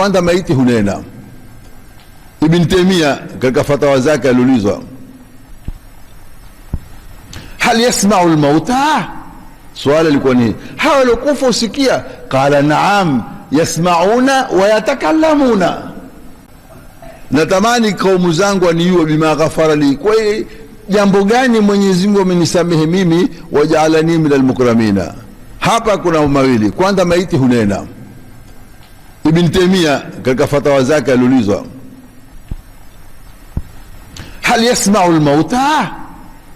Kwanza maiti hunena. Ibn Taimia katika fatawa zake aliulizwa, hal yasmau lmauta, swali alikuwa ni hawa waliokufa usikia? Qala naam, yasmauna wayatakalamuna. Natamani kaumu zangu aniua bima ghafara li, kwa jambo gani Mwenyezi Mungu amenisamehe mimi, wajaalani min almukramina. Hapa kuna mawili, kwanza maiti hunena Ibn Taymiyyah katika fatawa zake aliulizwa, hal yasmau lmauta,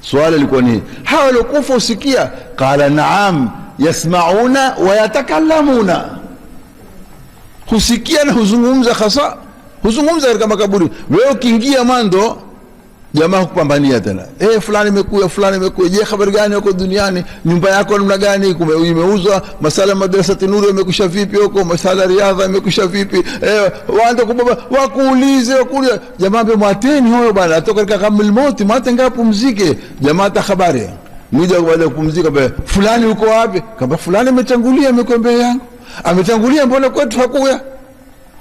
swali alikuwa ni hawa waliokufa usikia? Qala naam, yasmauna wa yatakallamuna, husikia na huzungumza, hasa huzungumza katika makaburi. Wewe ukiingia mwando jamaa hukupambania tena e, fulani imekuja fulani imekuja. Je, habari gani huko duniani? Nyumba yako namna gani? Imeuzwa? Masala madrasa Nuru imekusha vipi huko? Masala riadha imekusha vipi? E, eh, waanze kubaba wakuulize, wakuulize jamaa, ambe mwateni huyo bana, atoka katika kamil mauti, mwate ngapi pumzike jamaa, ta habari mija baada kupumzika, be fulani uko wapi? Kamba fulani ametangulia, mikombe yangu ametangulia, mbona kwetu hakuya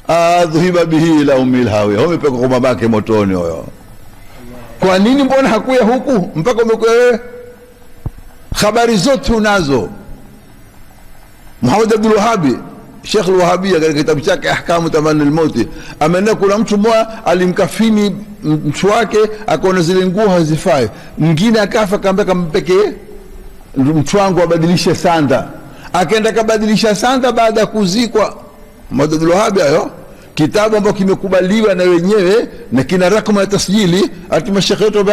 adhiba bihi la umil hawi, hao mepeka kwa babake motoni huyo kwa nini mbona hakuya huku mpaka umekuya wewe? Habari zote unazo. Muhammad Abdul Wahabi Sheikh al-Wahabia katika kitabu chake Ahkamu Tamani al-Mauti kuna mtu mmoja alimkafini mtu wake, akaona zile nguo hazifai. Mwingine akafa, akaambia pekee mtu wangu abadilishe sanda, akaenda kabadilisha sanda baada ya kuzikwa Muhammad Abdul Wahabi hayo kitabu ambacho kimekubaliwa na wenyewe na kina rakma ya tasjili atimashehe yetu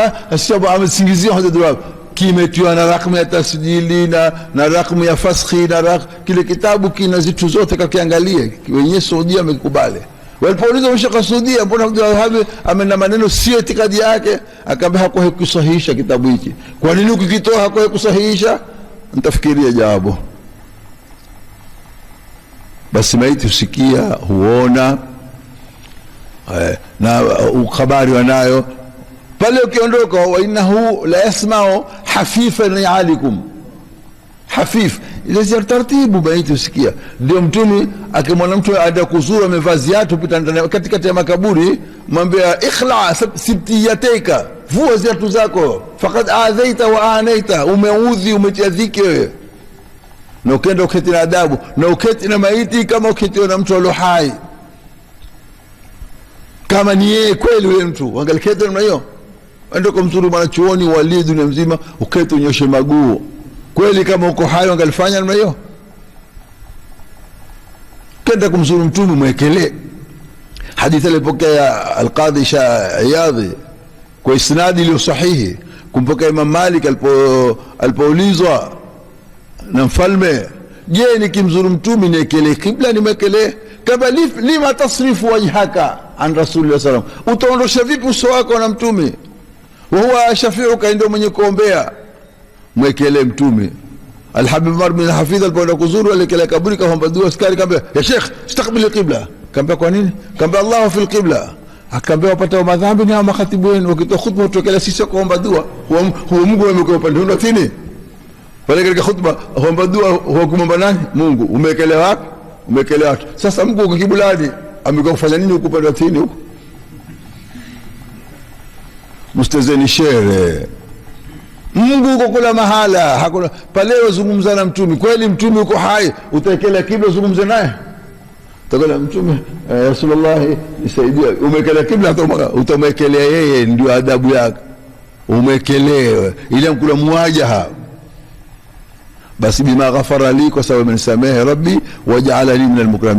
amesingizia Hazrat kimetiwa na rakmu ya tasjili na, na rakmu ya faskhi na rak, kile kitabu kina zitu zote, kakiangalia wenyewe Saudia wamekubali. Walipoulizwa wa Saudia, mbona Abdulwahab amena maneno sio itikadi yake? Akaambia hakuwahi kusahihisha kitabu hiki. Kwa nini ukikitoa hakuwahi kusahihisha? ntafikiria jawabu. Basi maiti husikia, huona eh, na uh, ukhabari wanayo pale ukiondoka. wa la yasmau hafifan lialikum hafif ile tartibu maiti husikia. Ndio Mtume akimwona mtu ada kuzuru amevaa ziatu, pita katikati ya makaburi, mwambia ikhla sibtiyateka, vua ziatu zako, fakad adhaita wa anaita, umeudhi umetia dhiki wewe na ukenda uketi na adabu na uketi na maiti kama uketiwa na mtu alio hai, kama ni yeye kweli yule mtu angaliketi namna hiyo. Enda kwa mzuri mwanachuoni walii dunia mzima, uketi unyoshe maguo kweli, kama uko hai angalifanya namna hiyo. Kenda kumzuru Mtume mwekele hadithi alipokea Alqadhi Iyadhi kwa isnadi iliyo sahihi, kumpokea Imam Malik alipoulizwa na mfalme, je, nikimzuru mtumi niekelee kibla nimwekelee? Kama lima tasrifu wajhaka an rasuli sallam, utaondosha vipi uso wako na mtumi? Wahuwa shafiuka, ndio mwenye kuombea, mwekelee mtumi. Alhabib mar bin Hafidh alipoenda kuzuru, alikelea kaburi, kaomba dua. Askari kaambia, ya shekh stakbili qibla. Kaambia, kwa nini? Kaambia, Allahu fi qibla. Akaambia, wapata madhambi ni na makhatibu wenu, wakitoa khutba utokelea sisi kuomba dua, huo Mungu amekuwa upande wenu lakini pale katika khutba huomba dua hukumwomba nani? Mungu. Umewekelewa wapi? Umewekelewa wapi? Sasa Mungu uko amekuwa kufanya nini huku upande wa tini huku? Mstezeni shere Mungu uko kula mahala, hakuna pale. Wazungumza na mtume kweli, mtume uko hai, utaekelea kibla uzungumze naye takala mtume eh, Rasulullahi nisaidia. Umekelea kibla, utamwekelea yeye, ndio adabu yake, umekelewe ile mkula muwajaha بس بما غفر لي وسبب من سماه ربي وجعلني من المكرمين